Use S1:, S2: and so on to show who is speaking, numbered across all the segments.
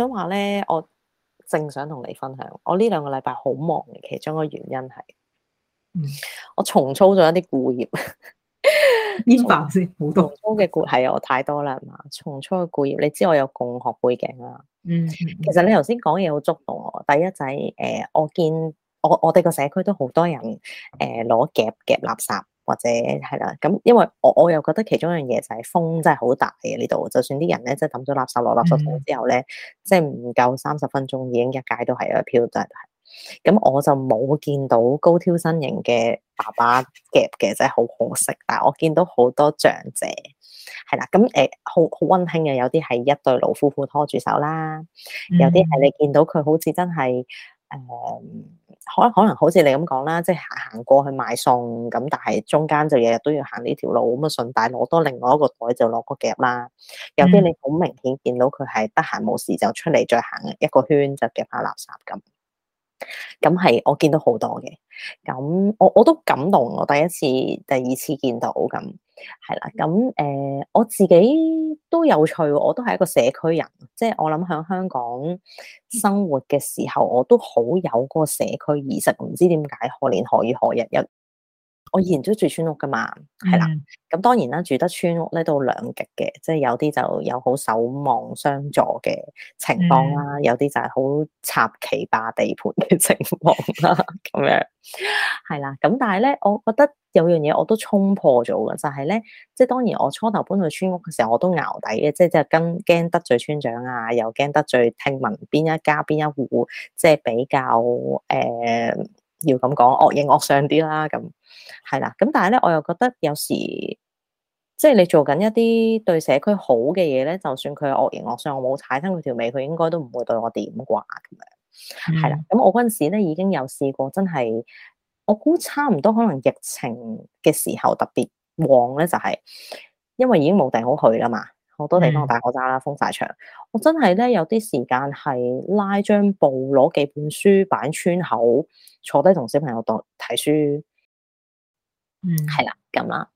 S1: 想話咧，我正想同你分享。我呢兩個禮拜好忙，其中一個原因係，嗯、我重操咗一啲故業，呢份先好多重操嘅故業啊，我太多啦，係嘛重操嘅故業。你知我有共學背景啦。嗯，嗯，其實你頭先講嘢好觸動我。第一就係、是、誒、呃，我見我我哋個社區都好多人誒攞夾夾垃圾。或者係啦，咁因為我我又覺得其中一樣嘢就係、是、風真係好大嘅呢度，就算啲人咧即係抌咗垃圾落垃圾桶之後咧，嗯、即係唔夠三十分鐘已經一街都係一飄真係，咁、就是、我就冇見到高挑身形嘅爸爸夾嘅，真係好可惜。但係我見到好多長者係啦，咁誒好好溫馨嘅，有啲係一對老夫婦拖住手啦，有啲係你見到佢好似真係誒。嗯嗯嗯可可能好似你咁講啦，即係行過去買餸，咁但係中間就日日都要行呢條路，咁啊順帶攞多另外一個袋就落個夾啦。有啲你好明顯見到佢係得閒冇事就出嚟再行一個圈就夾下垃圾咁，咁係我見到好多嘅。咁我我都感動，我第一次、第二次見到咁係啦。咁誒、呃，我自己都有趣，我都係一個社區人，即係我諗喺香港生活嘅時候，我都好有嗰個社區意識。唔知點解何年何月何日有？我以前都住村屋噶嘛，係、mm hmm. 啦。咁當然啦，住得村屋咧都兩極嘅，即係有啲就有好守望相助嘅情況啦，mm hmm. 有啲就係好插旗霸地盤嘅情況啦，咁樣係啦。咁但係咧，我覺得有樣嘢我都衝破咗嘅，就係、是、咧，即係當然我初頭搬去村屋嘅時候，我都淆底嘅，即係即係跟驚得罪村長啊，又驚得罪聽聞邊一家邊一戶，即係比較誒。呃要咁講惡形惡相啲啦，咁係啦，咁但係咧，我又覺得有時即係你做緊一啲對社區好嘅嘢咧，就算佢惡形惡相，我冇踩親佢條尾，佢應該都唔會對我點啩咁樣。係啦，咁、嗯、我嗰陣時咧已經有試過，真係我估差唔多可能疫情嘅時候特別旺咧、就係，就係因為已經冇定好去啦嘛。好多地方戴口罩啦，封晒牆。我真係咧有啲時間係拉張布，攞幾本書擺穿口，坐低同小朋友當睇書。嗯，
S2: 係
S1: 啦，咁啦，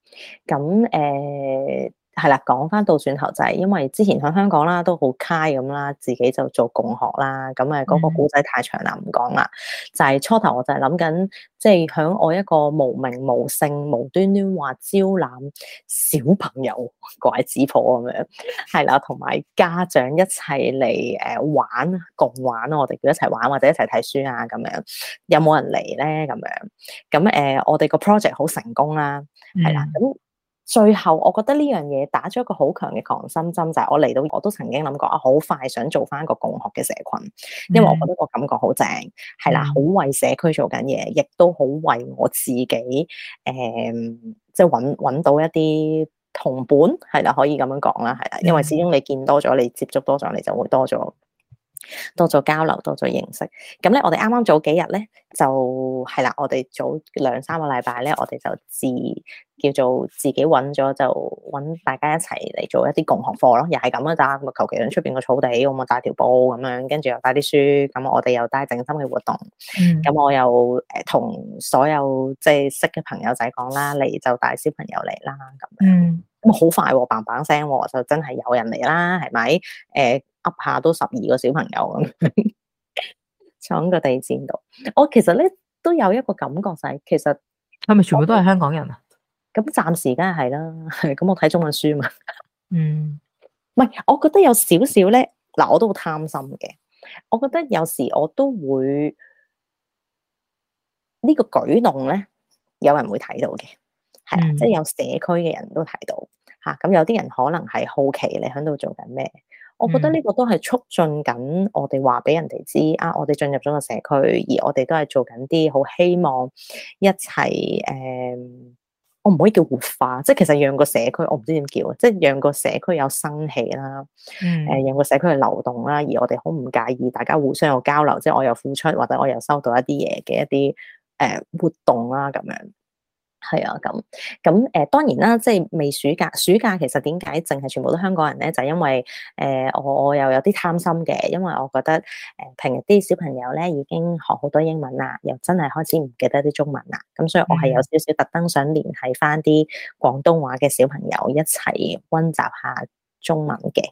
S1: 咁誒。呃係啦，講翻到轉頭就係、是，因為之前喺香港啦都好 c 咁啦，自己就做共學啦，咁啊嗰個故仔太長啦，唔講啦。就係、是、初頭我就係諗緊，即係喺我一個無名無姓無端端話招攬小朋友拐子婆咁樣，係啦，同埋家長一齊嚟誒玩共玩咯，我哋叫一齊玩或者一齊睇書啊咁樣，有冇人嚟咧咁樣？咁誒、呃，我哋個 project 好成功啦，係啦、嗯，咁。最後，我覺得呢樣嘢打咗一個好強嘅強心針，就係、是、我嚟到，我都曾經諗過啊，好快想做翻個共學嘅社群，因為我覺得個感覺好正，係啦、mm，好、hmm. 為社區做緊嘢，亦都好為我自己，誒、嗯，即係揾揾到一啲同伴。」係啦，可以咁樣講啦，係啦，因為始終你見多咗，你接觸多咗，你就會多咗。多咗交流，多咗認識。咁咧，我哋啱啱早幾日咧，就係啦。我哋早兩三個禮拜咧，我哋就自叫做自己揾咗，就揾大家一齊嚟做一啲共學課咯。又係咁樣，咋咁求其喺出邊個草地，我咪帶條布咁樣，跟住又帶啲書。咁我哋又帶靜心嘅活動。咁、嗯、我又誒同所有即係識嘅朋友仔講啦，嚟就帶小朋友嚟啦。咁。嗯咁好、嗯、快喎、啊，砰砰聲喎、啊，就真係有人嚟啦，係咪？誒、呃，噏下都十二個小朋友咁，搶 個地氈度。我其實咧都有一個感覺就係，其實係咪全部都係香港人啊？咁暫時梗係係啦，咁我睇中文書嘛。 嗯，唔係，我覺得有少少咧，嗱，我都好貪心嘅，我覺得有時我都會呢、呢個舉動咧，有人會睇到嘅。係即係有社區嘅人都睇到吓，咁、嗯啊、有啲人可能係好奇你喺度做緊咩？嗯、我覺得呢個都係促進緊我哋話俾人哋知、嗯、啊，我哋進入咗個社區，而我哋都係做緊啲好希望一齊誒、嗯，我唔可以叫活化，即係其實讓個社區，我唔知點叫，即係讓個社區有生氣啦，誒、呃，讓個社區係流動啦，而我哋好唔介意大家互相有交流，即係我又付出或者我又收到一啲嘢嘅一啲誒、嗯、活動啦，咁樣。係啊，咁咁誒，當然啦，即係未暑假。暑假其實點解淨係全部都香港人咧？就因為誒、呃，我又有啲貪心嘅，因為我覺得誒、呃，平日啲小朋友咧已經學好多英文啦，又真係開始唔記得啲中文啦。咁所以我係有少少特登想聯繫返啲廣東話嘅小朋友一齊溫習下中文嘅，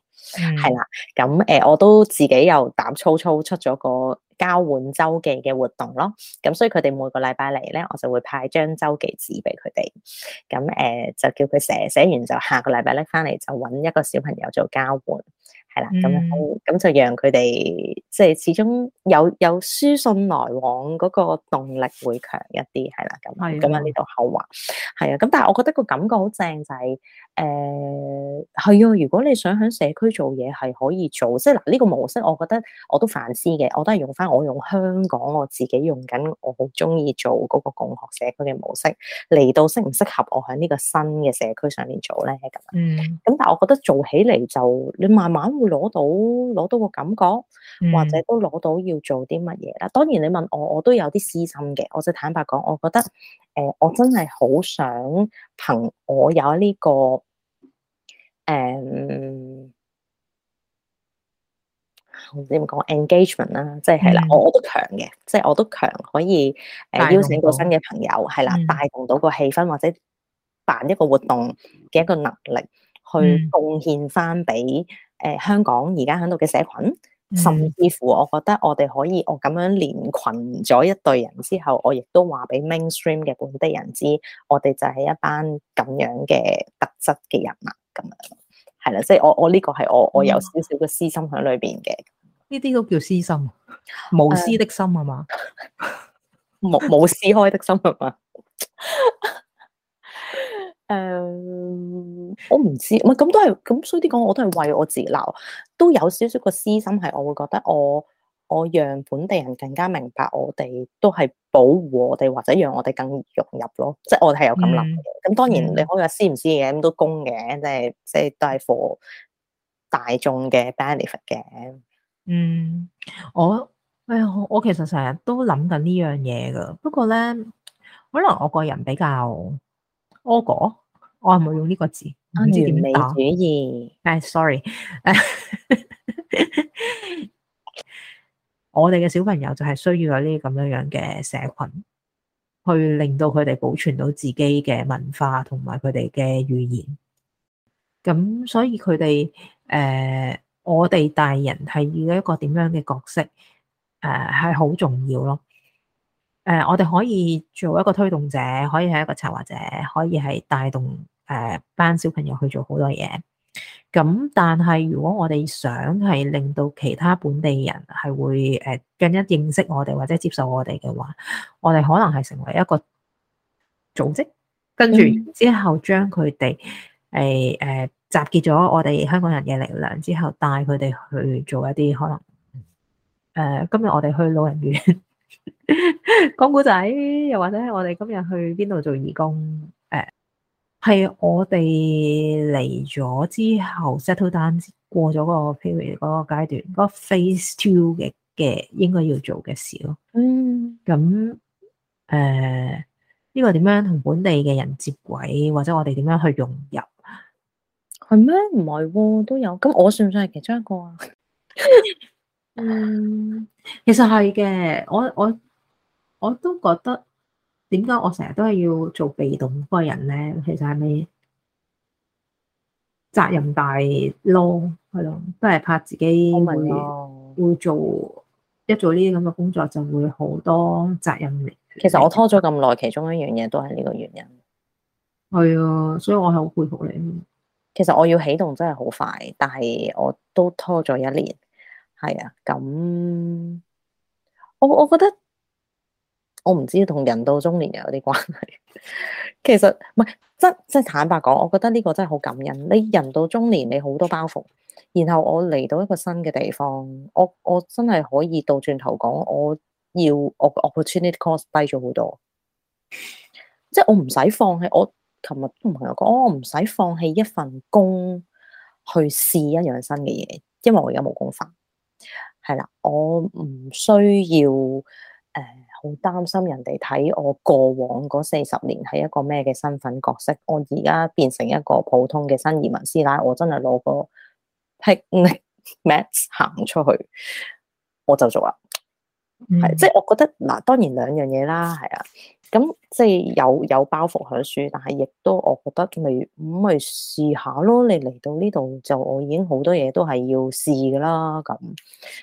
S1: 係啦、嗯。咁誒、呃，我都自己又膽粗粗出咗個交換周記嘅活動咯，咁所以佢哋每個禮拜嚟咧，我就會派張周記紙俾佢哋，咁誒、呃、就叫佢寫，寫完就下個禮拜咧翻嚟就揾一個小朋友做交換，係啦，咁咁、嗯、就讓佢哋即係始終有有書信來往嗰個動力會強一啲，係啦，咁咁喺呢度口話，係啊，咁但係我覺得個感覺好正就係、是。誒，係啊、呃！如果你想喺社區做嘢，係可以做，即係嗱呢個模式，我覺得我都反思嘅，我都係用翻我用香港我自己用緊，我好中意做嗰個共學社區嘅模式嚟，到適唔適合我喺呢個新嘅社區上面做咧咁樣。嗯。咁但係我覺得做起嚟，就你慢慢會攞到攞到個感覺，或者都攞到要做啲乜嘢啦。嗯、當然你問我，我都有啲私心嘅，我就坦白講，我覺得誒、呃，我真係好想憑我有呢、這個。誒，唔知點講，engagement 啦、mm，hmm. 即係係啦，我都強嘅，即係我都強可以誒邀請到新嘅朋友，係啦，帶動到個氣氛或者辦一個活動嘅一個能力，mm hmm. 去貢獻翻俾誒香港而家喺度嘅社群，mm hmm. 甚至乎我覺得我哋可以我咁樣連群咗一隊人之後，我亦都話俾 mainstream 嘅本地人知，我哋就係一班咁樣嘅特質嘅人物。咁樣係啦，即係我我呢個係我我有少少嘅私心喺裏邊嘅，
S3: 呢啲都叫私心，無私的心係嘛，冇
S1: 冇私開的心係嘛，
S3: 誒 、
S1: um，我唔知，唔係咁都係咁，所以啲講我都係為我自己，都有少少個私心係，我會覺得我。我讓本地人更加明白，我哋都係保護我哋，或者讓我哋更容易融入咯。即係我哋係有咁諗嘅。咁當然你可以話施唔施嘅，咁都公嘅，即係即係都係 for 大眾嘅 benefit 嘅。嗯，
S3: 我哎呀，我我其實成日都諗緊呢樣嘢噶。不過咧，可能我個人比較蝦果，我係唔係用呢個字？民族主義？哎，sorry。我哋嘅小朋友就係需要有呢啲咁樣樣嘅社群，去令到佢哋保存到自己嘅文化同埋佢哋嘅語言。咁所以佢哋，誒、呃，我哋大人係要一個點樣嘅角色？誒、呃，係好重要咯。誒、呃，我哋可以做一個推動者，可以係一個策劃者，可以係帶動誒、呃、班小朋友去做好多嘢。咁，但係如果我哋想係令到其他本地人係會誒，更加認識我哋或者接受我哋嘅話，我哋可能係成為一個組織，跟住之後將佢哋誒誒集結咗我哋香港人嘅力量之後，帶佢哋去做一啲可能誒、呃，今日我哋去老人院講古仔，又或者係我哋今日去邊度做義工誒。呃係我哋嚟咗之後，settle down，過咗個 period 嗰個階段，嗰個 phase two 嘅嘅應該要做嘅事咯。嗯，咁誒呢個點樣同本地嘅人接軌，或者我哋點樣去融入？係咩？唔係喎，都有。咁我算唔算係其中一個啊？ 嗯，其實係嘅，我我我都覺得。點解我成日都係要做被動嗰個人咧？其實係咪責任大咯？係咯，都係怕自己會、oh、my 會做一做呢啲咁嘅工作就會好多責任嚟。其實我拖
S1: 咗咁耐，其中一樣嘢都係呢個原因。
S3: 係啊， 所以我係好佩
S1: 服你。其實我要起動真係好快，但係我都拖咗一年。係啊，咁我我覺得。我唔知同人到中年又有啲關係， 其實唔係，真真坦白講，我覺得呢個真係好感恩。你人到中年，你好多包袱，然後我嚟到一個新嘅地方，我我真係可以倒轉頭講，我要我 opportunity cost 低咗好多，即係我唔使放棄。我琴日都同朋友講，我唔使放棄一份工去試一樣新嘅嘢，因為我而家冇工返，係啦，我唔需要誒。呃好擔心人哋睇我過往嗰四十年係一個咩嘅身份角色，我而家變成一個普通嘅新移民師奶，我真係攞個 pat mat 行出去，我就做啦。係、嗯，即係我覺得嗱，當然兩樣嘢啦，係啊，咁即係有有包袱喺度，但係亦都我覺得未咁去試下咯。你嚟到呢度就我已經好多嘢都係要試㗎啦，咁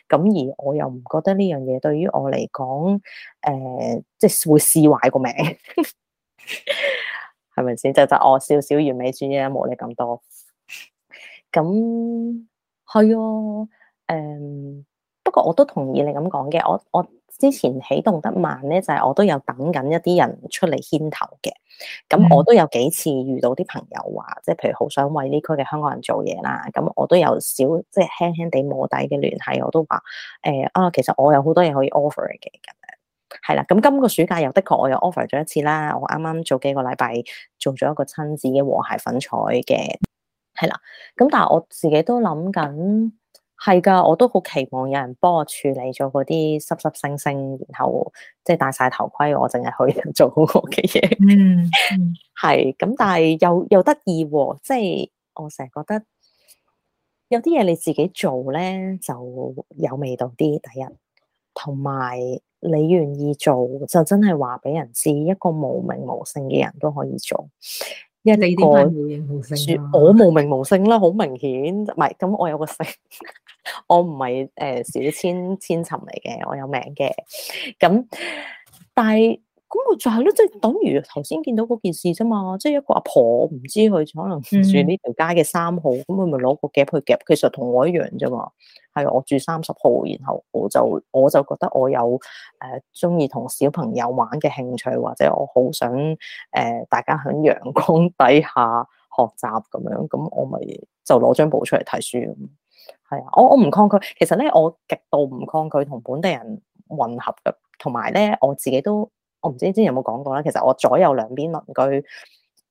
S1: 咁而我又唔覺得呢樣嘢對於我嚟講，誒、呃，即係會試壞個名，係咪先？就就，就我少少完美主義冇你咁多。咁 係啊。誒、嗯。我都同意你咁講嘅，我我之前起動得慢咧，就係、是、我都有等緊一啲人出嚟牽頭嘅。咁我都有幾次遇到啲朋友話，即係譬如好想為呢區嘅香港人做嘢啦。咁我都有少即係輕輕地摸底嘅聯繫，我都話誒、呃、啊，其實我有好多嘢可以 offer 嘅咁樣。係啦，咁今個暑假又的確我又 offer 咗一次啦。我啱啱做幾個禮拜，做咗一個親子嘅和諧粉彩嘅，係啦。咁但係我自己都諗緊。係㗎，我都好期望有人幫我處理咗嗰啲濕濕星星，然後即係戴晒頭盔，我淨係可以做好我嘅嘢。嗯，係咁， 但係又又得意喎，即係我成日覺得有啲嘢你自己做咧就有味道啲。第一，同埋你願意做就真係話俾人知，一個無名無姓嘅人都可以做。因一個、啊、我，我無名無姓啦，好明顯，唔係咁，我有個姓。 我唔係誒小千千尋嚟嘅，我有名嘅，咁但係咁我就係咯，即係等於頭先見到嗰件事啫嘛，即係一個阿婆，我唔知佢可能住呢條街嘅三號，咁佢咪攞個夾去夾，其實同我一樣啫嘛，係我住三十號，然後我就我就覺得我有誒中意同小朋友玩嘅興趣，或者我好想誒大家喺陽光底下學習咁樣，咁我咪就攞張簿出嚟睇書。係啊，我我唔抗拒，其實咧我極度唔抗拒同本地人混合嘅，同埋咧我自己都，我唔知之前有冇講過啦，其實我左右兩邊鄰居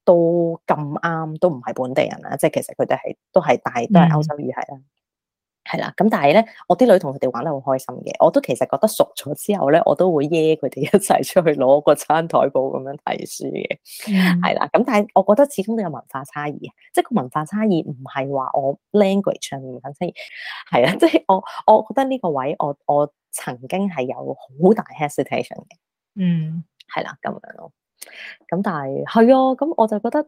S1: 都咁啱，都唔係本地人啦，即係其實佢哋係都係大都係歐洲語系啦。嗯係啦，咁但係咧，我啲女同佢哋玩得好開心嘅，我都其實覺得熟咗之後咧，我都會約佢哋一齊出去攞個餐台布咁樣睇書嘅，係啦、嗯，咁但係我覺得始終都有文化差異，即係個文化差異唔係話我 language 上面嘅差異，係啊，即係我我覺得呢個位我我曾經係有好大 hesitation 嘅，嗯，係啦，咁樣咯。咁但係係啊，咁我就覺得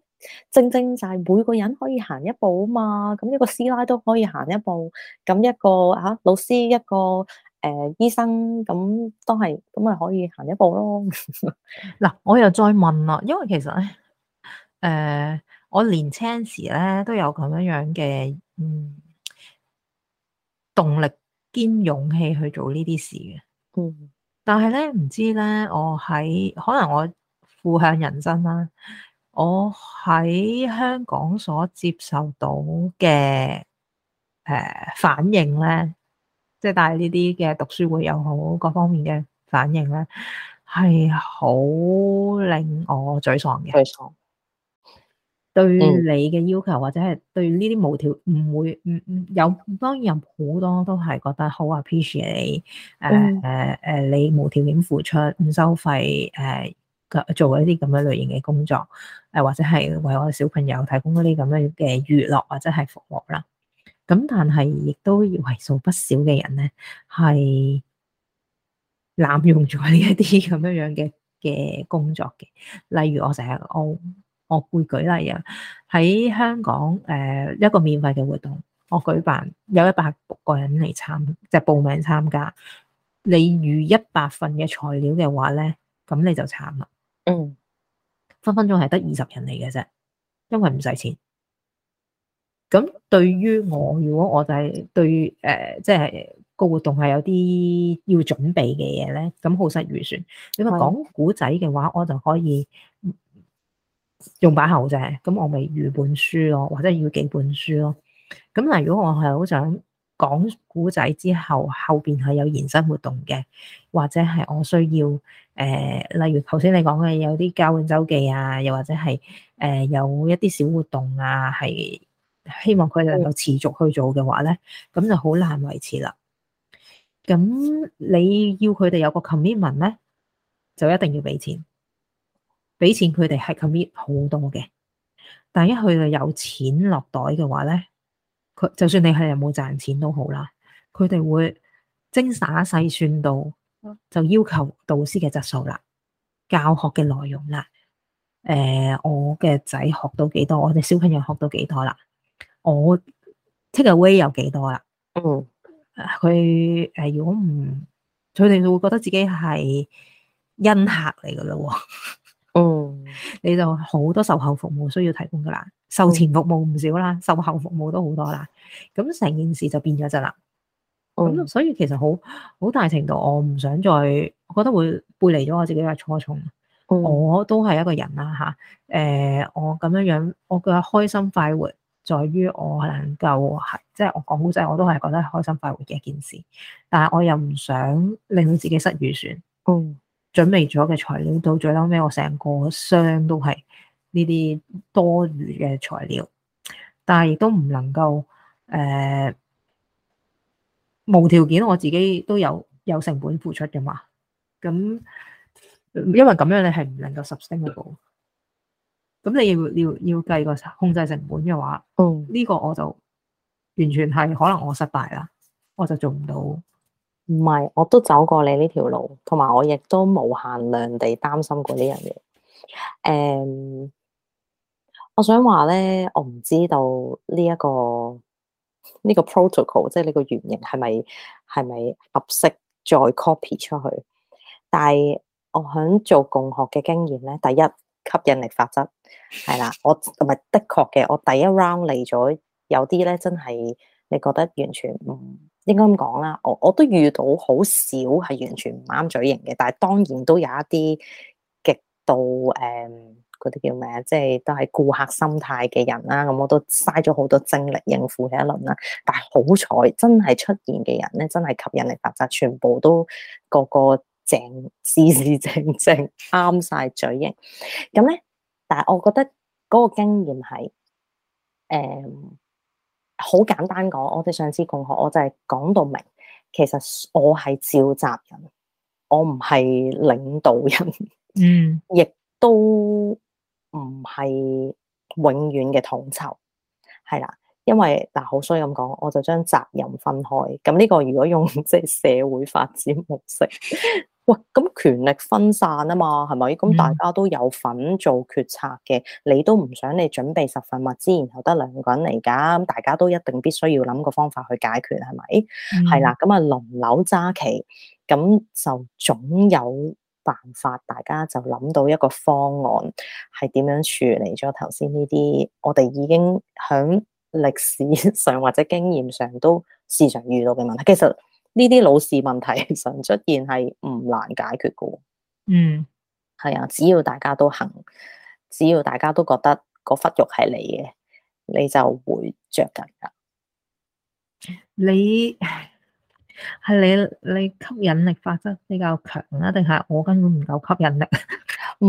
S1: 正正就係每個人可以行一步啊嘛，咁一個師奶都可以行一步，咁一個吓、啊、老師，一個誒、呃、醫生，咁都係咁咪可以行一步咯 。
S3: 嗱，我又再問啦，因為其實咧，誒、呃，我年青時咧都有咁樣樣嘅，嗯，動力兼勇氣去做呢啲事嘅，嗯，但係咧唔知咧，我喺可能我。負向人生啦，我喺香港所接受到嘅誒反應咧，即係帶呢啲嘅讀書會又好，各方面嘅反應咧，係好令我沮喪嘅。沮喪對你嘅要求，或者係對呢啲無條，唔會唔唔有，當然有好多都係覺得好 appreciate 你，誒誒誒，你無條件付出，唔收費，誒。做一啲咁樣類型嘅工作，誒或者係為我哋小朋友提供一啲咁樣嘅娛樂或者係服務啦。咁但係亦都為數不少嘅人咧，係濫用咗呢一啲咁樣樣嘅嘅工作嘅。例如我成日我我會舉例啊，喺香港誒、呃、一個免費嘅活動，我舉辦有一百個人嚟，參即係報名參加，你預一百份嘅材料嘅話咧，咁你就慘啦。嗯，分分鐘係得二十人嚟嘅啫，因為唔使錢。咁對於我，如果我就係對誒，即、呃、係、就是、個活動係有啲要準備嘅嘢咧，咁好失預算。如果講古仔嘅話，是我就可以用把口啫，咁我咪預本書咯，或者要幾本書咯。咁但如果我係好想。講古仔之後，後邊係有延伸活動嘅，或者係我需要誒、呃，例如頭先你講嘅有啲交換周記啊，又或者係誒、呃、有一啲小活動啊，係希望佢哋能夠持續去做嘅話咧，咁就好難維持啦。咁你要佢哋有個 commitment 咧，就一定要俾錢，俾錢佢哋係 commit 好多嘅，但一去到有錢落袋嘅話咧。佢就算你係有冇賺錢都好啦，佢哋會精打細算到就要求導師嘅質素啦、教學嘅內容啦、誒、呃、我嘅仔學到幾多、我哋小朋友學到幾多啦、我 take away 有幾多啦。哦、嗯，佢誒、呃、如果唔，佢哋會覺得自己係恩客嚟噶啦喎。 哦，嗯、你就好多售後服務需要提供噶啦，售前服務唔少啦，售後服務都好多啦。咁成件事就變咗質啦。咁、嗯、所以其實好好大程度，我唔想再我覺得會背離咗我自己嘅初衷。嗯、我都係一個人啦，吓、啊、誒、呃，我咁樣樣，我嘅開心快活在於我能夠係，即、就、係、是、我講好即我都係覺得開心快活嘅一件事。但係我又唔想令自己失預算。哦、嗯。準備咗嘅材料到最後尾，我成個箱都係呢啲多餘嘅材料，但係亦都唔能夠誒、呃、無條件，我自己都有有成本付出㗎嘛。咁因為咁樣你，你係唔能夠 sustainable 嘅。咁你要要要計個控制成本嘅話，哦呢、嗯、個我就完全係可能我失敗啦，我就做唔到。
S1: 唔係，我都走過你呢條路，同埋我亦都無限量地擔心過呢樣嘢。um, 誒，我想話咧，我唔知道呢一個呢個 protocol，即係呢個原型係咪係咪合適再 copy 出去。但係我響做共學嘅經驗咧，第一吸引力法則係啦，我唔係的確嘅，我第一 round 嚟咗有啲咧，真係你覺得完全唔。嗯應該咁講啦，我我都遇到好少係完全唔啱嘴型嘅，但係當然都有一啲極度，誒，嗰啲叫咩？即係都係顧客心態嘅人啦。咁我都嘥咗好多精力應付呢一輪啦。但係好彩，真係出現嘅人咧，真係吸引力法則，全部都個個正四四正正啱晒嘴型。咁咧，但係我覺得嗰個經驗係誒好簡單講，我哋上次共學，我就係講到明，其實我係召集人，我唔係領導人，嗯，亦都唔係永遠嘅統籌，係啦，因為嗱，好衰咁講，我就將責任分開，咁呢個如果用即係社會發展模式。 喂，咁權力分散啊嘛，係咪？咁大家都有份做決策嘅，嗯、你都唔想你準備十份物資，然後得兩個人嚟㗎？咁大家都一定必須要諗個方法去解決，係咪？係啦、嗯，咁啊輪流揸旗，咁就，就總有辦法，大家就諗到一個方案，係點樣處理咗頭先呢啲我哋已經響歷史上或者經驗上都時常遇到嘅問題。其實呢啲老事問題常出現，係唔難解決嘅。嗯，係啊，只要大家都肯，只要大家都覺得個忽肉係你嘅，你就會着緊噶。
S3: 你係你你吸引力法則比較強啊。定係我根本唔夠吸引力？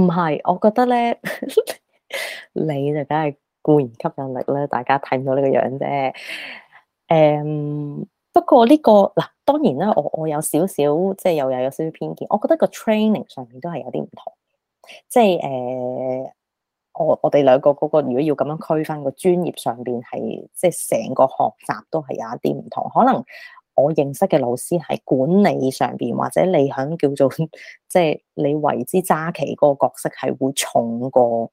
S3: 唔 係，我覺得咧，
S1: 你就梗係固然吸引力啦，大家睇唔到呢個樣啫。誒、um。不過呢個，嗱，當然啦，我我有少少即係又又有少少偏見，我覺得個 training 上面都係有啲唔同，即係誒，我我哋兩個嗰個如果要咁樣區分個專業上邊係即係成個學習都係有一啲唔同，可能我認識嘅老師係管理上邊或者你響叫做即係你為之揸旗嗰個角色係會重過。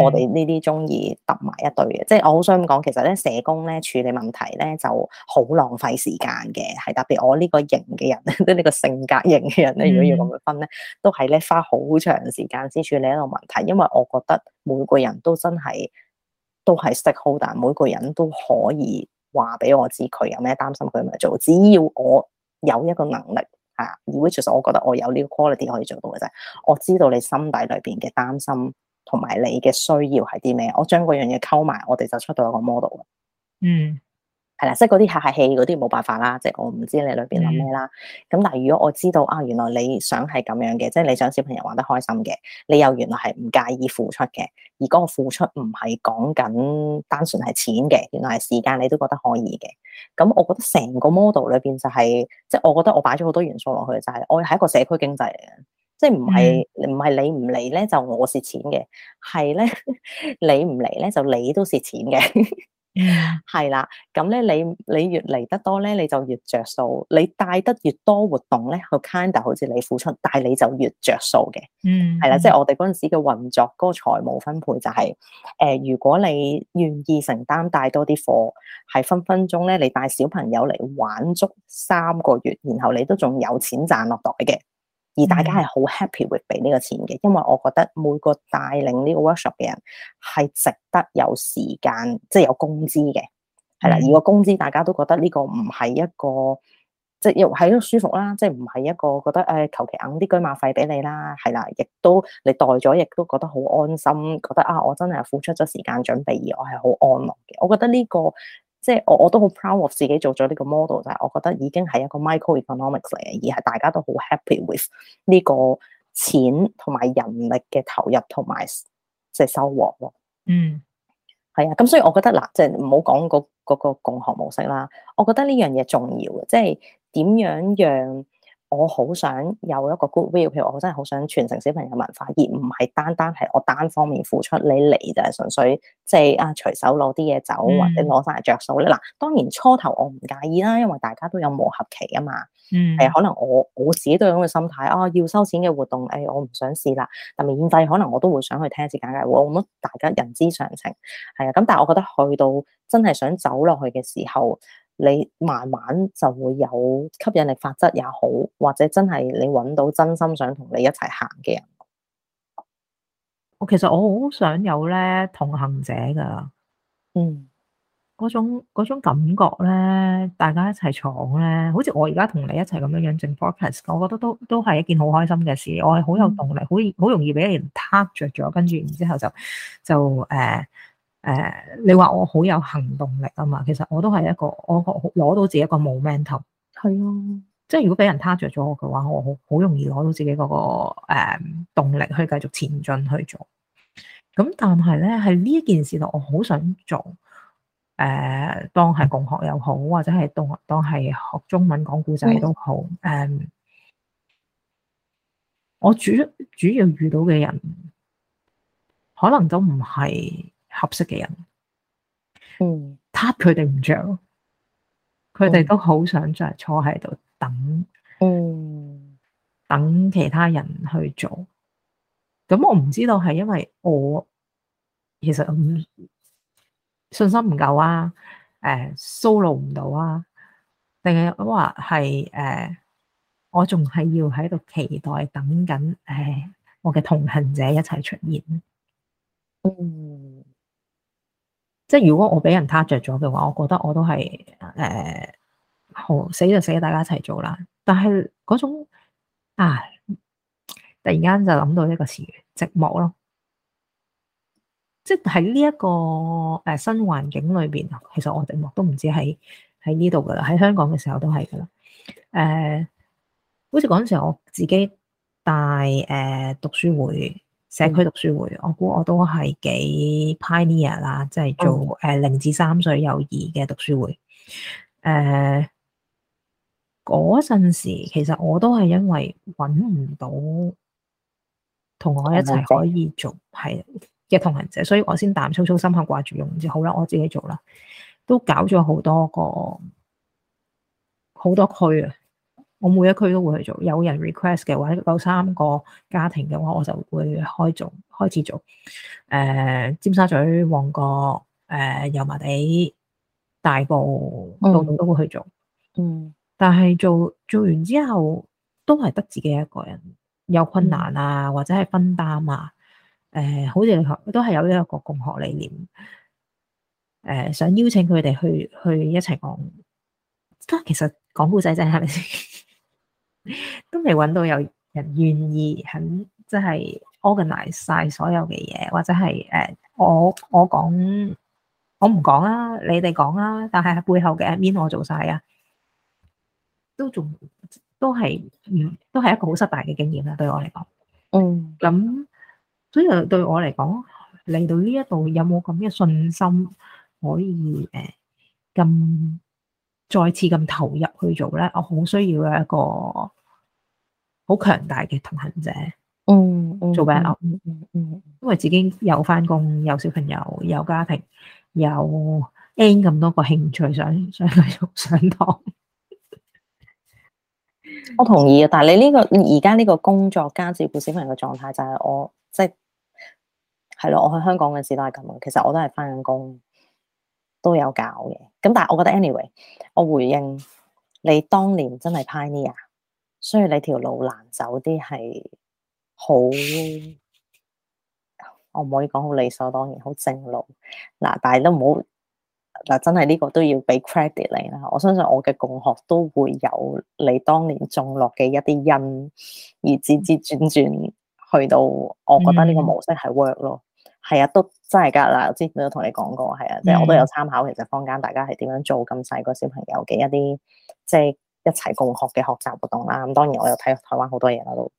S1: 我哋呢啲中意揼埋一堆嘅，即係我好想咁講，其實咧社工咧處理問題咧就好浪費時間嘅，係特別我呢個型嘅人，即 呢個性格型嘅人咧，如果要咁去分咧，都係咧花好長時間先處理一個問題，因為我覺得每個人都真係都係 stakeholder，但每個人都可以話俾我知佢有咩擔心，佢咪做，只要我有一個能力啊 which 其實我覺得我有呢個 quality 可以做到嘅啫，我知道你心底裏邊嘅擔心。同埋你嘅需要係啲咩？我將嗰樣嘢溝埋，我哋就出到一個 model 嗯，係啦，即係嗰啲客客氣嗰啲冇辦法啦，即係我唔知你裏邊諗咩啦。咁、嗯、但係如果我知道啊，原來你想係咁樣嘅，即係你想小朋友玩得開心嘅，你又原來係唔介意付出嘅，而嗰個付出唔係講緊單純係錢嘅，原來係時間你都覺得可以嘅。咁我覺得成個 model 裏邊就係、是，即係我覺得我擺咗好多元素落去就係、是，我係一個社區經濟嚟嘅。即係唔係唔係你唔嚟咧，就我蝕錢嘅，係 咧你唔嚟咧，就你都 蝕錢嘅，係啦。咁咧你你越嚟得多咧，你就越着數。你帶得越多活動咧，個 kinda 好似你付出但係你就越着數嘅。
S2: 嗯，係啦，即係
S1: 我哋嗰陣時嘅運作嗰個財務分配就係，誒，如果你願意承擔帶多啲貨，係分分鐘咧，你帶小朋友嚟玩足三個月，然後你都仲有錢賺落袋嘅。而大家係好 happy 會俾呢個錢嘅，因為我覺得每個帶領呢個 workshop 嘅人係值得有時間，即係有工資嘅，係啦。如果工資大家都覺得呢個唔係一個，即係又係都舒服啦，即係唔係一個覺得誒，求其硬啲車馬費俾你啦，係啦，亦都你代咗，亦都覺得好安心，覺得啊，我真係付出咗時間準備，而我係好安樂嘅。我覺得呢個。即係我我都好 proud of 自己做咗呢個 model，就係我覺得已經係一個 microeconomics 嚟嘅，而係大家都好 happy with 呢個錢同埋人力嘅投入同埋即係收穫咯。嗯，係啊，咁所以我覺得嗱，即係唔好講嗰個共學模式啦，我覺得呢樣嘢重要嘅，即係點樣讓。我好想有一個 good will，譬如我真係好想傳承小朋友文化，而唔係單單係我單方面付出你嚟就係純粹即係啊隨手攞啲嘢走，或者攞翻嚟着數咧。嗱、嗯，當然初頭我唔介意啦，因為大家都有磨合期啊嘛。嗯，係可能我我自己都有咁嘅心態啊，要收錢嘅活動，誒、哎、我唔想試啦。但係現可能我都會想去聽一次簡介會，我唔好大家人之常情。係啊，咁但係我覺得去到真係想走落去嘅時候。你慢慢就會有吸引力法則也好，或者真係你揾到真心想同你一齊行嘅人。
S3: 我其實我好想有咧同行者噶，嗯，嗰種嗰種感覺咧，大家一齊闖咧，好似我而家同你一齊咁樣樣整 podcast，我覺得都都係一件好開心嘅事。我係好有動力，好好、嗯、容易俾人 touch 着咗，跟住然之後就就誒。呃誒，uh, 你話我好有行動力啊嘛，其實我都係一個，我攞到自己一個 momentum。係啊，即係如果俾人 touch 著咗我嘅話，我好容易攞到自己嗰、那個誒、um, 動力去繼續前進去做。咁但係咧，係呢一件事我好想做。誒、uh，當係共學又好，或者係當當係學中文講故仔都好。誒、嗯，um, 我主主要遇到嘅人，可能都唔係。合適嘅人，嗯 t 佢哋唔着，佢哋都好想着，坐喺度等，嗯，等其他人去做。咁我唔知道係因為我其實唔、嗯、信心唔夠啊，誒、呃、，solo 唔到啊，定係話係誒，我仲係要喺度期待等緊誒、呃，我嘅同行者一齊出現，嗯即係如果我俾人拖着咗嘅話，我覺得我都係誒，好、呃、死就死，大家一齊做啦。但係嗰種啊，突然間就諗到一個詞語，寂寞咯。即係喺呢一個誒、呃、新環境裏邊，其實我寂寞都唔止喺喺呢度噶啦，喺香港嘅時候都係噶啦。誒、呃，好似嗰陣時我自己帶誒讀書會。社區讀書會，我估我都係幾 pioneer 啦，即係做誒零至三歲幼兒嘅讀書會。誒嗰陣時，其實我都係因為揾唔到同我一齊可以做係嘅同行者，所以我先膽粗粗心下掛住用，就好啦，我自己做啦，都搞咗好多個好多區啊！我每一區都會去做，有人 request 嘅話，有三個家庭嘅話，我就會開做開始做。誒、呃，尖沙咀、旺角、誒、呃、油麻地、大埔，度度都會去做。嗯，但係做做完之後，都係得自己一個人，有困難啊，嗯、或者係分擔啊。誒、呃，好似都係有呢一個共學理念。誒、呃，想邀請佢哋去去一齊講，其實講古仔啫，係咪先？ 都未揾到有人願意肯，即係 organize 晒所有嘅嘢，或者係誒，我我講，我唔講啦，你哋講啦。但係背後嘅一面我做晒啊，都仲都係，嗯，都係一個好失敗嘅經驗啦，對我嚟講。哦、嗯，咁所以對我嚟講，嚟到呢一度有冇咁嘅信心，可以誒咁？呃再次咁投入去做咧，我好需要一個好強大嘅同行者。嗯，做咩啊？嗯，因為自己有翻工，有小朋友，有家庭，有 n 咁多個興趣，想想繼續上堂。
S1: 我同意啊，但係你呢個而家呢個工作加照顧小朋友嘅狀態就係我，即係係咯，我去香港嘅時都係咁。其實我都係翻緊工。都有搞嘅，咁但係我覺得 anyway，我回應你當年真係 pioneer，啊，所以你條路難走啲係好，我唔可以講好理所當然，好正路嗱，但係都唔好嗱，真係呢個都要俾 credit 你啦。我相信我嘅共學都會有你當年種落嘅一啲因，而節節轉轉去到，我覺得呢個模式係 work 咯。Mm. 係啊，都真係噶啦，我之前都有同你講過，係啊，即係我都有參考，其實坊間大家係點樣做咁細個小朋友嘅一啲，即係一齊共學嘅學習活動啦。咁當然我又睇過台灣好多嘢啦，都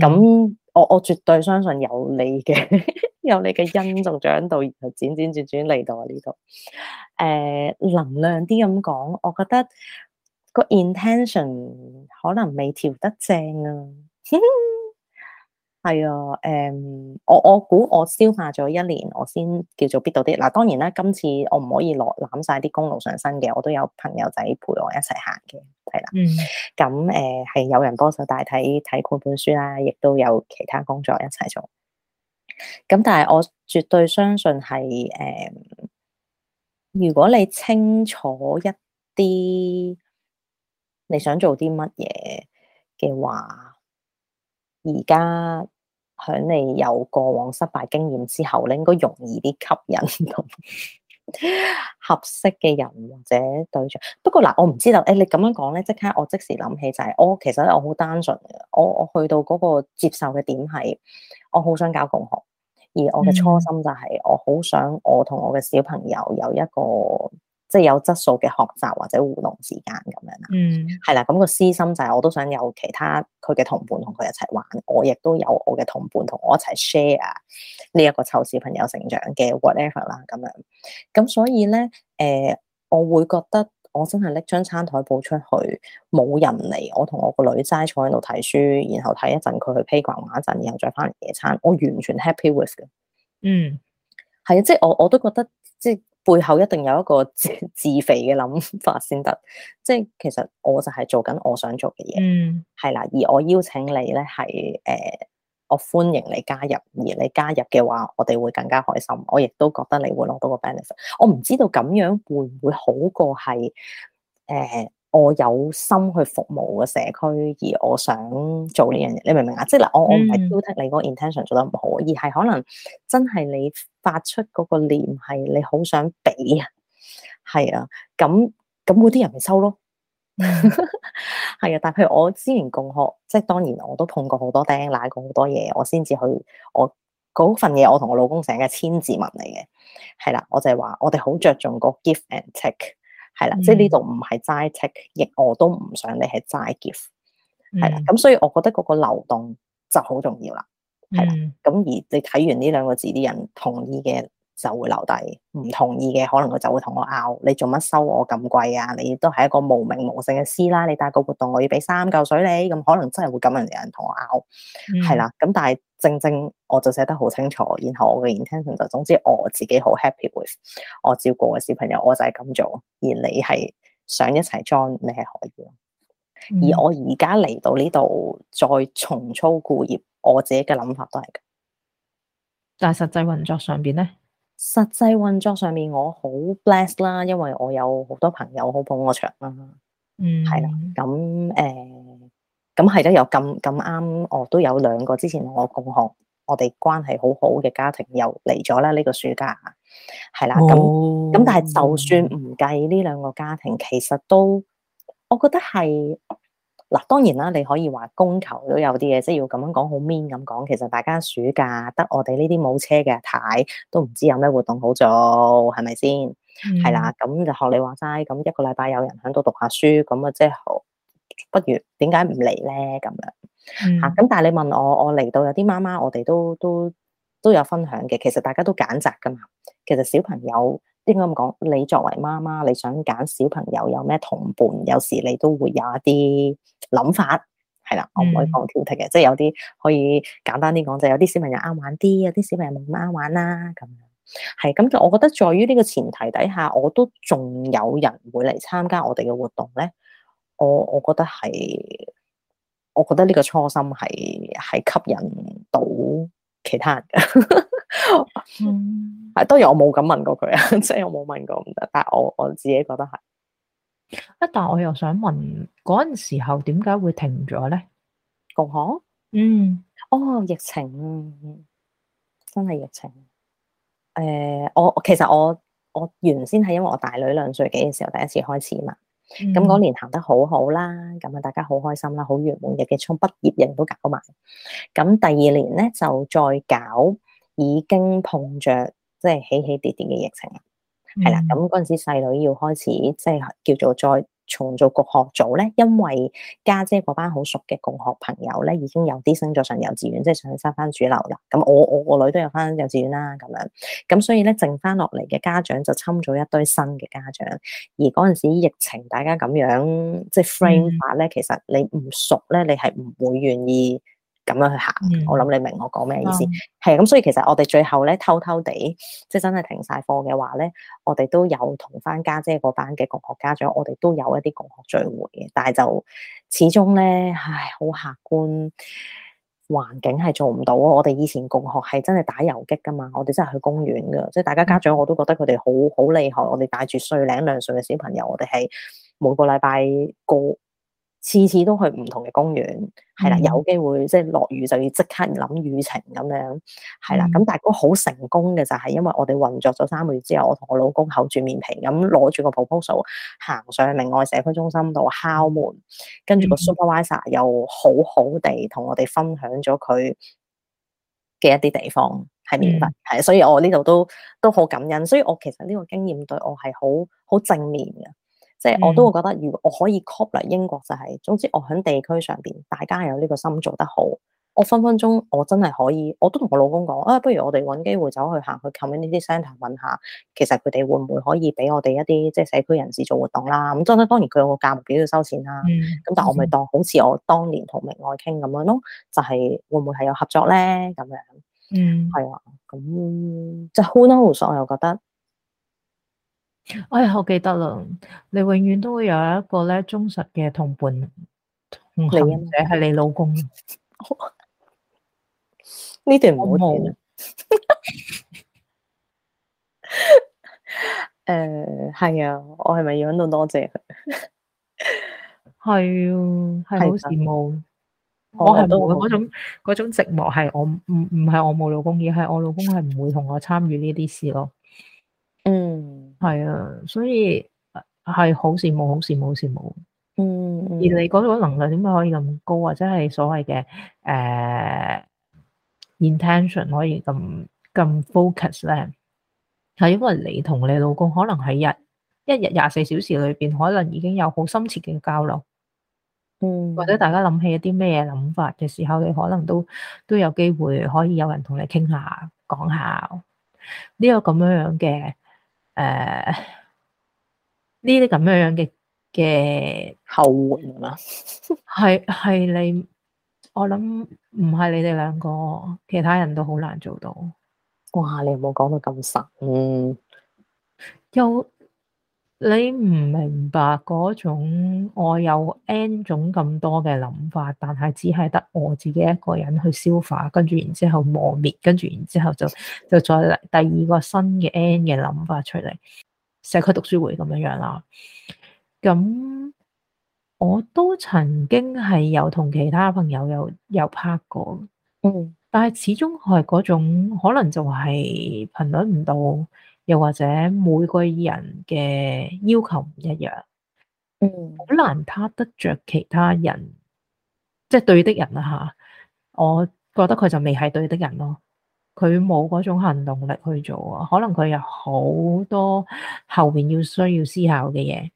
S1: 咁我我絕對相信有你嘅 有你嘅因仲掌度，而係轉轉轉轉嚟到呢度。誒、呃，能量啲咁講，我覺得個 intention 可能未調得正啊。 係啊，誒、嗯，我我估我消化咗一年，我先叫做必到啲。嗱，當然啦，今次我唔可以落攬攬晒啲功勞上身嘅，我都有朋友仔陪我一齊行嘅，係
S2: 啦、嗯嗯。嗯。
S1: 咁誒，係有人幫手，但係睇睇本書啦，亦都有其他工作一齊做。咁、嗯、但係我絕對相信係誒、嗯，如果你清楚一啲你想做啲乜嘢嘅話，而家。喺你有過往失敗經驗之後，你應該容易啲吸引到 合適嘅人或者對象。不過嗱，我唔知道，誒、欸，你咁樣講咧，即刻我即時諗起就係、是，我、哦、其實我好單純嘅，我我去到嗰個接受嘅點係，我好想搞共學，而我嘅初心就係、是，嗯、我好想我同我嘅小朋友有一個。即係有質素嘅學習或者互動時間咁
S2: 樣啦，
S1: 係啦、嗯，咁、個私心就係我都想有其他佢嘅同伴同佢一齊玩，我亦都有我嘅同伴同我一齊 share 呢一個臭小朋友成長嘅 whatever 啦，咁樣，咁所以咧，誒、呃，我會覺得我真係拎張餐台鋪出去冇人嚟，我同我個女齋坐喺度睇書，然後睇一陣佢去 playground 玩一陣，然後再翻嚟野餐，我完全 happy with 嘅，嗯，係啊，即係我我都覺得即係。背後一定有一個自肥嘅諗法先得，即係其實我就係做緊我想做嘅嘢，係啦、嗯。而我邀請你咧，係誒、呃，我歡迎你加入，而你加入嘅話，我哋會更加開心，我亦都覺得你會攞到個 benefit。我唔知道咁樣會唔會好過係誒。呃我有心去服務嘅社區，而我想做呢樣嘢，你明唔明啊？嗯、即係嗱，我我唔係挑剔你個 intention 做得唔好，而係可能真係你發出嗰個念係你好想俾啊，係啊，咁咁啲人咪收咯，係 啊。但係譬如我之前共學，即係當然我都碰過好多釘，舐過好多嘢，我先至去我嗰份嘢，我同我，我老公寫嘅千字文嚟嘅，係啦，我就係話我哋好着重個 give and take。係啦，嗯、即係呢度唔係齋 take，亦我都唔想你係齋 give，係啦，咁、嗯、所以我覺得嗰個流動就好重要啦，係啦，咁而你睇完呢兩個字，啲人同意嘅就會留低，唔同意嘅可能佢就會同我拗，你做乜收我咁貴啊？你都係一個無名無姓嘅師啦，你帶個活動我要俾三嚿水你，咁可能真係會咁樣有人同我拗，
S2: 係啦，
S1: 咁但係。嗯嗯嗯正正我就寫得好清楚，然後我嘅 intention 就總之我自己好 happy with 我照顧嘅小朋友，我就係咁做。而你係想一齊 join，你係可以。
S2: 而我
S1: 而家嚟到呢度再重操故業，我自己嘅諗法都係咁。
S3: 但係實際運作上面呢，實際運作上面我好 bless
S1: 啦，因為我有好多朋友好捧我場啦。嗯，
S3: 係啦，
S1: 咁誒。Uh, 咁係咧，有咁咁啱，我、哦、都有兩個之前我共學，我哋關係好好嘅家庭又嚟咗啦。呢、這個暑假係啦，咁咁、哦嗯嗯、但係就算唔計呢兩個家庭，其實都我覺得係嗱，當然啦，你可以話供求都有啲嘢，即係要咁樣講好 mean 咁講，其實大家暑假得我哋呢啲冇車嘅太太都唔知有咩活動好做，係咪先？係啦、嗯，咁就學你話齋，咁一個禮拜有人喺度讀下書，咁啊即係好。不如點解唔嚟咧？咁樣嚇，咁、嗯啊、但係你問我，我嚟到有啲媽媽，我哋都都都有分享嘅。其實大家都揀擇噶嘛。其實小朋友應該咁講，你作為媽媽，你想揀小朋友有咩同伴，有時你都會有一啲諗法，係啦，我唔可以放挑剔嘅，嗯、即係有啲可以簡單啲講，就有啲小朋友啱玩啲，有啲小朋友唔啱玩啦。咁樣係咁就我覺得在於呢個前提底下，我都仲有人會嚟參加我哋嘅活動咧。我我覺得係，我覺得呢個初心係係吸引到其他人嘅，係、 嗯、當然我冇咁問過佢啊，即 係我冇問過，但係我我自己覺得係。
S3: 一，但我又想問嗰陣時候點解會停咗咧？共學可，嗯，哦，疫情，
S1: 真係疫情。誒、呃，我其實我我原先係因為我大女兩歲幾嘅時候第一次開始嘛。咁嗰、嗯、年行得好好啦，咁啊大家好開心啦，好圓滿嘅嘅從畢業人都搞埋，咁第二年咧就再搞，已經碰着，即、就、係、是、起起跌跌嘅疫情啦，
S2: 係啦、嗯，咁嗰
S1: 陣時細女要開始即係、就是、叫做再。重做共學組咧，因為家姐嗰班好熟嘅共學朋友咧，已經有啲升咗上幼稚園，即係上翻翻主流啦。咁我我個女都有翻幼稚園啦，咁樣，咁所以咧，剩翻落嚟嘅家長就侵咗一堆新嘅家長，而嗰陣時疫情，大家咁樣即係 frame 法咧，嗯、其實你唔熟咧，你係唔會願意。咁樣去行，我諗你明我講咩意思。係啊、嗯，咁所以其實我哋最後咧偷偷地，即係真係停晒課嘅話咧，我哋都有同返家姐嗰班嘅共學家長，我哋都有一啲共學聚會嘅，但係就始終咧，唉，好客觀環境係做唔到啊！我哋以前共學係真係打遊擊噶嘛，我哋真係去公園噶，即係大家家長我都覺得佢哋好好厲害，我哋帶住歲零兩歲嘅小朋友，我哋係每個禮拜過。次次都去唔同嘅公園，係啦，有機會即係落雨就要即刻諗雨情咁樣，係啦。咁但係好成功嘅就係因為我哋運作咗三個月之後，我同我老公厚住面皮咁攞住個 proposal 行上另外社區中心度敲門，跟住個 supervisor 又好好地同我哋分享咗佢嘅一啲地方係免費，係。所以我呢度都都好感恩，所以我其實呢個經驗對我係好好正面嘅。即係我都會覺得，如果我可以 copy 嚟英國，就係、是、總之我喺地區上邊，大家有呢個心做得好，我分分鐘我真係可以，我都同我老公講，啊、哎、不如我哋揾機會走去行去 community centre 問下，其實佢哋會唔會可以俾我哋一啲即係社區人士做活動啦？咁真係當然佢有個價目表要收錢啦，咁但我咪當、嗯、好似我當年同明愛傾咁樣咯，就係、是、會唔會係有合作咧咁樣？嗯，係啊，咁即係 who knows 我又覺得。
S3: 我係，好記得啦！你永遠都會有一個咧忠實嘅同伴，你嘅係你老公。呢段唔好
S1: 掂。誒，係啊，我係咪要搵到多謝佢？
S3: 係 啊，係好羨慕。吧我係冇嗰種、嗰種寂寞，係我唔唔係我冇老公，而係我老公係唔會同我參與呢啲事咯。係啊，所以係好羨慕，好羨慕，好羨慕。嗯，而你嗰種能力點解可以咁高，或者係所謂嘅誒 intention 可以咁咁 focus 咧？係因為你同你老公可能喺一一日廿四小時裏邊，可能已經有好深切嘅交流。嗯，或者大家諗起一啲咩諗法嘅時候，你可能都都有機會可以有人同你傾下講下呢個咁樣樣嘅。誒，呢啲咁樣樣嘅嘅後援啊？係係你，我諗唔係你哋兩個，其他人都好難做到。
S1: 哇！你冇講到咁神，
S3: 又～你唔明白嗰種，我有 n 種咁多嘅諗法，但係只係得我自己一個人去消化，跟住然之後磨滅，跟住然之後就就再嚟第二個新嘅 n 嘅諗法出嚟。社區讀書會咁樣樣啦，咁我都曾經係有同其他朋友有有拍過，嗯，但係始終係嗰種，可能就係頻率唔到。又或者每個人嘅要求唔一樣，好難踏得着其他人，即係對的人啦吓。我覺得佢就未係對的人咯，佢冇嗰種行動力去做啊。可能佢有好多後面要需要思考嘅嘢。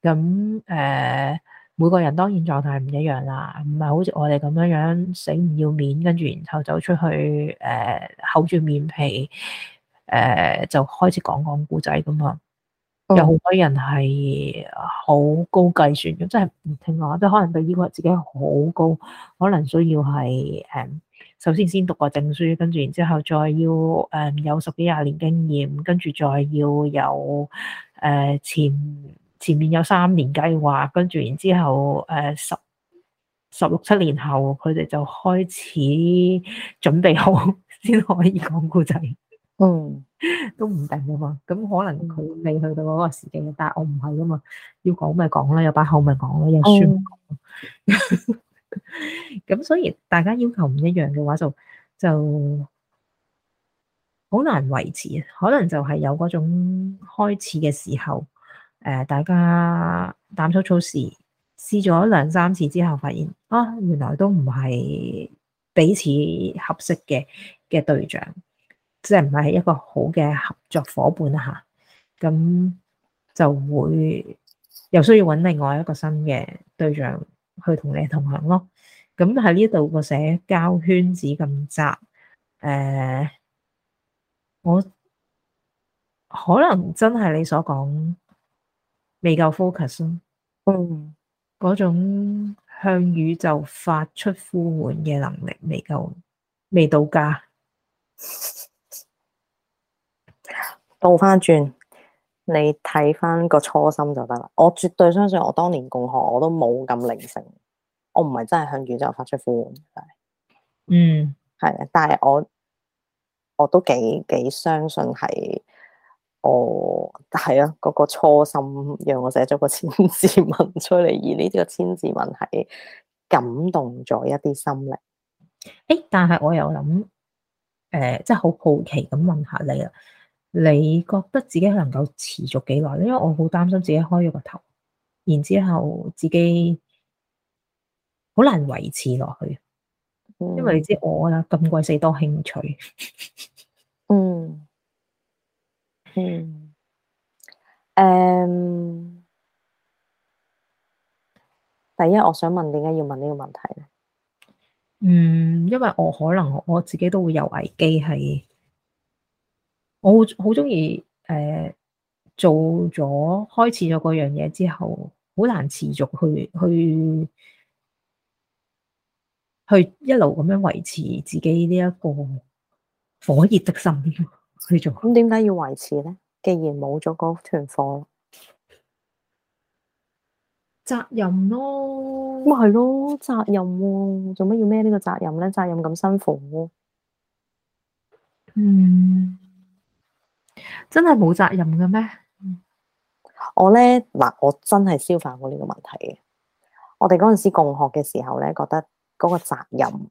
S3: 咁誒、呃，每個人當然狀態唔一樣啦，唔係好似我哋咁樣樣死唔要面，跟住然後走出去誒、呃，厚住面皮。誒、uh, 就開始講講故仔㗎嘛，oh. 有好多人係好高計算嘅，即係唔聽話，即係可能對於我自己好高，可能需要係誒、um, 首先先讀個證書，跟住然之後再要誒、um, 有十幾廿年經驗，跟住再要有誒、uh, 前前面有三年計劃，跟住然之後誒、uh, 十十六七年後佢哋就開始準備好先 可以講故仔。嗯，都唔定啊嘛，咁可能佢未去到嗰個時機，但係我唔係噶嘛，要講咪講啦，有把口咪講咯，有算。唔咁所以大家要求唔一樣嘅話，就就好難維持啊。可能就係有嗰種開始嘅時候，誒、呃，大家膽粗粗試，試咗兩三次之後，發現啊，原來都唔係彼此合適嘅嘅對象。即係唔係一個好嘅合作夥伴吓，咁就會又需要揾另外一個新嘅對象去同你同行咯。咁喺呢度個社交圈子咁窄，誒、呃，我可能真係你所講未夠 focus 咯。嗯，嗰種向宇宙發出呼喚嘅能力未夠，未到家。倒
S1: 翻轉，你睇翻個初心就得啦。我絕對相信我當年共學，我都冇咁靈性。我唔係真係向宇宙發出呼喚。但嗯，係啊。但係我我都幾幾相信係我係啊嗰個初心讓我寫咗個千字文出嚟，而呢啲個千字文係感動咗一啲心靈。
S3: 誒、欸，但係我又諗，誒、呃，即係好好奇咁問下你啊。你覺得自己能夠持續幾耐咧？因為我好擔心自己開咗個頭，然之後自己好難維持落去，因為你知我啦，咁鬼死多興趣。嗯 嗯，誒、
S1: 嗯，um, 第一，我想問，點解要問呢個問題咧？嗯，
S3: 因為我可能我自己都會有危機係。我好好中意，誒，做咗開始咗嗰樣嘢之後，好難持續去去去，去一路咁樣維持自己呢一個火熱的心去做。咁點
S1: 解要維持咧？既然冇咗嗰團火，責任咯，咪係咯，責任，啊。做乜要孭呢個責任咧？責任咁辛苦，啊，嗯。
S3: 真係冇責任嘅咩？
S1: 我咧嗱，我真係消化過呢個問題嘅。我哋嗰陣時共學嘅時候咧，覺得嗰個責任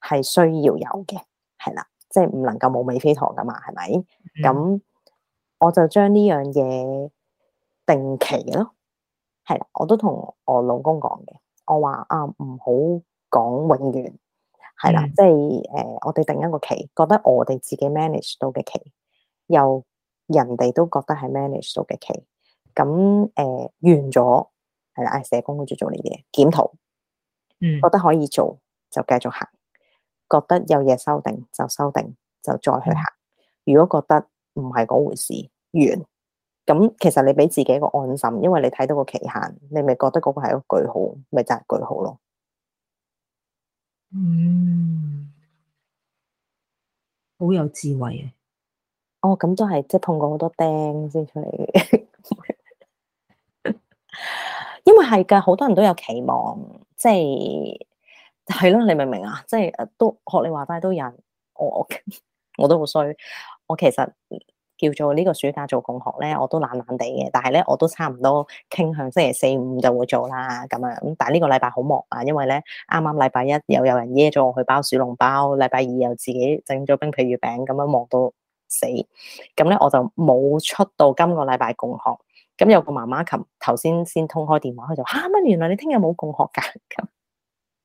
S1: 係需要有嘅，係啦，即係唔能夠冇尾飛砣㗎嘛，係咪？咁、嗯、我就將呢樣嘢定期嘅咯，係啦，我都同我老公講嘅，我話啊，唔好講永遠，係啦，嗯、即係誒、呃，我哋定一個期，覺得我哋自己 manage 到嘅期又。人哋都覺得係 manage 到嘅期咁誒、呃、完咗係啦，社工喺度做你嘢檢討，嗯，覺得可以做就繼續行，覺得有嘢修訂就修訂，就再去行。如果覺得唔係嗰回事完，咁其實你俾自己一個安心，因為你睇到個期限，你咪覺得嗰個係一個句號，咪就係句號咯。嗯，好有智慧啊！哦，咁都係，即係碰過好多釘先出嚟嘅， 因為係嘅，好多人都有期望，即係係咯，你明唔明啊？即係都學你話齋，都有人、哦，我我我都好衰，我其實叫做呢個暑假做共學咧，我都懶懶地嘅，但係咧，我都差唔多傾向星期四五就會做啦，咁啊，咁但係呢個禮拜好忙啊，因為咧啱啱禮拜一又有人惹咗我去包小籠包，禮拜二又自己整咗冰皮月餅，咁樣忙到～死咁咧，我就冇出到今個禮拜共學。咁有個媽媽琴頭先先通開電話，佢就吓乜、啊？原來你聽日冇共學噶，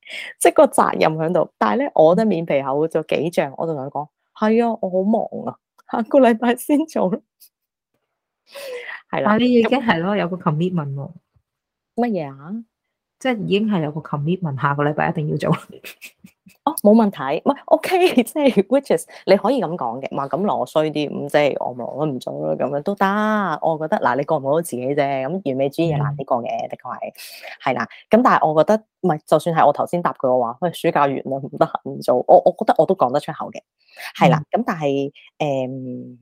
S1: 即係個責任喺度。但係咧，我的面皮厚咗幾丈，我就同佢講：係啊，我
S3: 好忙啊，下個禮拜先做係啦， 啊、但你已經係咯，有個 commit m e n t 問乜嘢啊？即係已經係有個 commit m e n t 下個禮拜一定要做。 哦，冇問題，唔係，O K，即係，which is，你可以
S1: 咁講嘅。嘛，咁我衰啲，咁即係我唔，我唔做咯，咁樣都得。我覺得嗱，你過唔到自己啫。咁完美主義難啲過嘅，嗯、的確係係啦。咁但係我覺得，唔係，就算係我頭先答佢，我話，喂、哎，暑假完啦，唔得閒唔做。我我覺得我都講得出口嘅，係啦。咁但係，誒、嗯，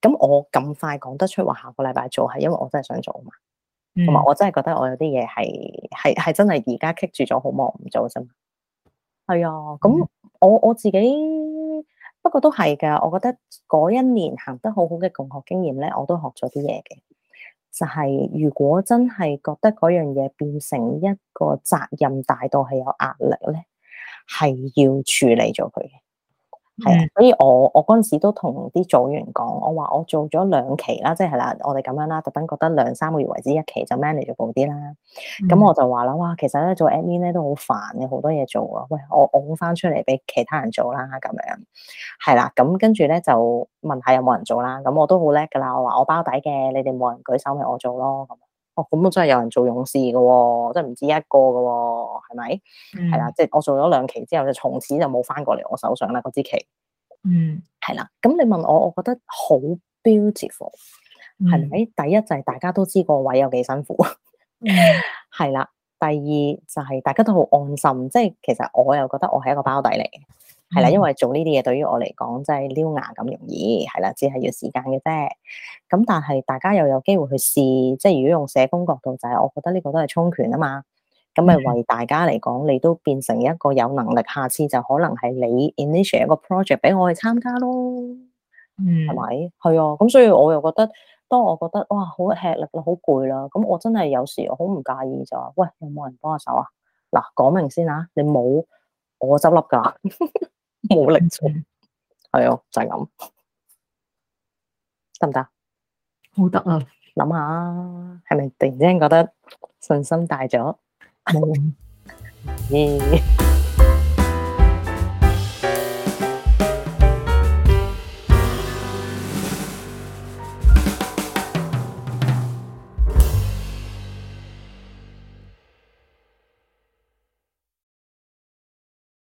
S1: 咁我咁快講得出話下個禮拜做，係因為我真係想做嘛。同埋我真係覺得我有啲嘢係係係真係而家棘住咗，好忙唔做啫。係啊，咁我我自己不過都係嘅，我覺得嗰一年行得好好嘅共學經驗咧，我都學咗啲嘢嘅。就係如果真係覺得嗰樣嘢變成一個責任大到係有壓力咧，係要處理咗佢。係啊，所以我我嗰陣時都同啲組員講，我話我做咗兩期啦，即係啦，我哋咁樣啦，特登覺得兩三個月為止一期就 manage 住好啲啦。咁、嗯、我就話啦，哇，其實咧做 admin 咧都好煩嘅，好多嘢做啊。喂，我我搬翻出嚟俾其他人做啦，咁樣係啦。咁跟住咧就問下有冇人做啦。咁我都好叻噶啦，我話我包底嘅，你哋冇人舉手咪我做咯。哦，咁都真係有人做勇士嘅喎。哦，真係唔止一個嘅喎。哦，係咪？係啦，mm.，即係我做咗兩期之後，就從此就冇翻過嚟我手上啦嗰支旗，嗯，mm.，係啦。咁你問我，我覺得好 beautiful，係咪？Mm. 第一就係大家都知個位有幾辛苦，係啦，mm.。第二就係，是，大家都好安心，即係其實我又覺得我係一個包底嚟嘅。係啦，因為做呢啲嘢對於我嚟講，真係撩牙咁容易，係啦，只係要時間嘅啫。咁但係大家又有機會去試，即係如果用社工角度就係、是，我覺得呢個都係充權啊嘛。咁咪為大家嚟講，你都變成一個有能力，下次就可能係你 initiate 一個 project 俾我去參加咯。嗯，
S2: 係咪？
S1: 係啊。咁所以我又覺得，當我覺得哇，好吃力啦，好攰啦，咁我真係有時好唔介意就話，喂，有冇人幫下手啊？嗱，講明先啊，你冇，我執笠噶。冇力做，係啊， 就係、是、咁，得唔得？好得啊！諗下，係咪突然之間覺得信心大咗？
S3: 咦！
S1: yeah.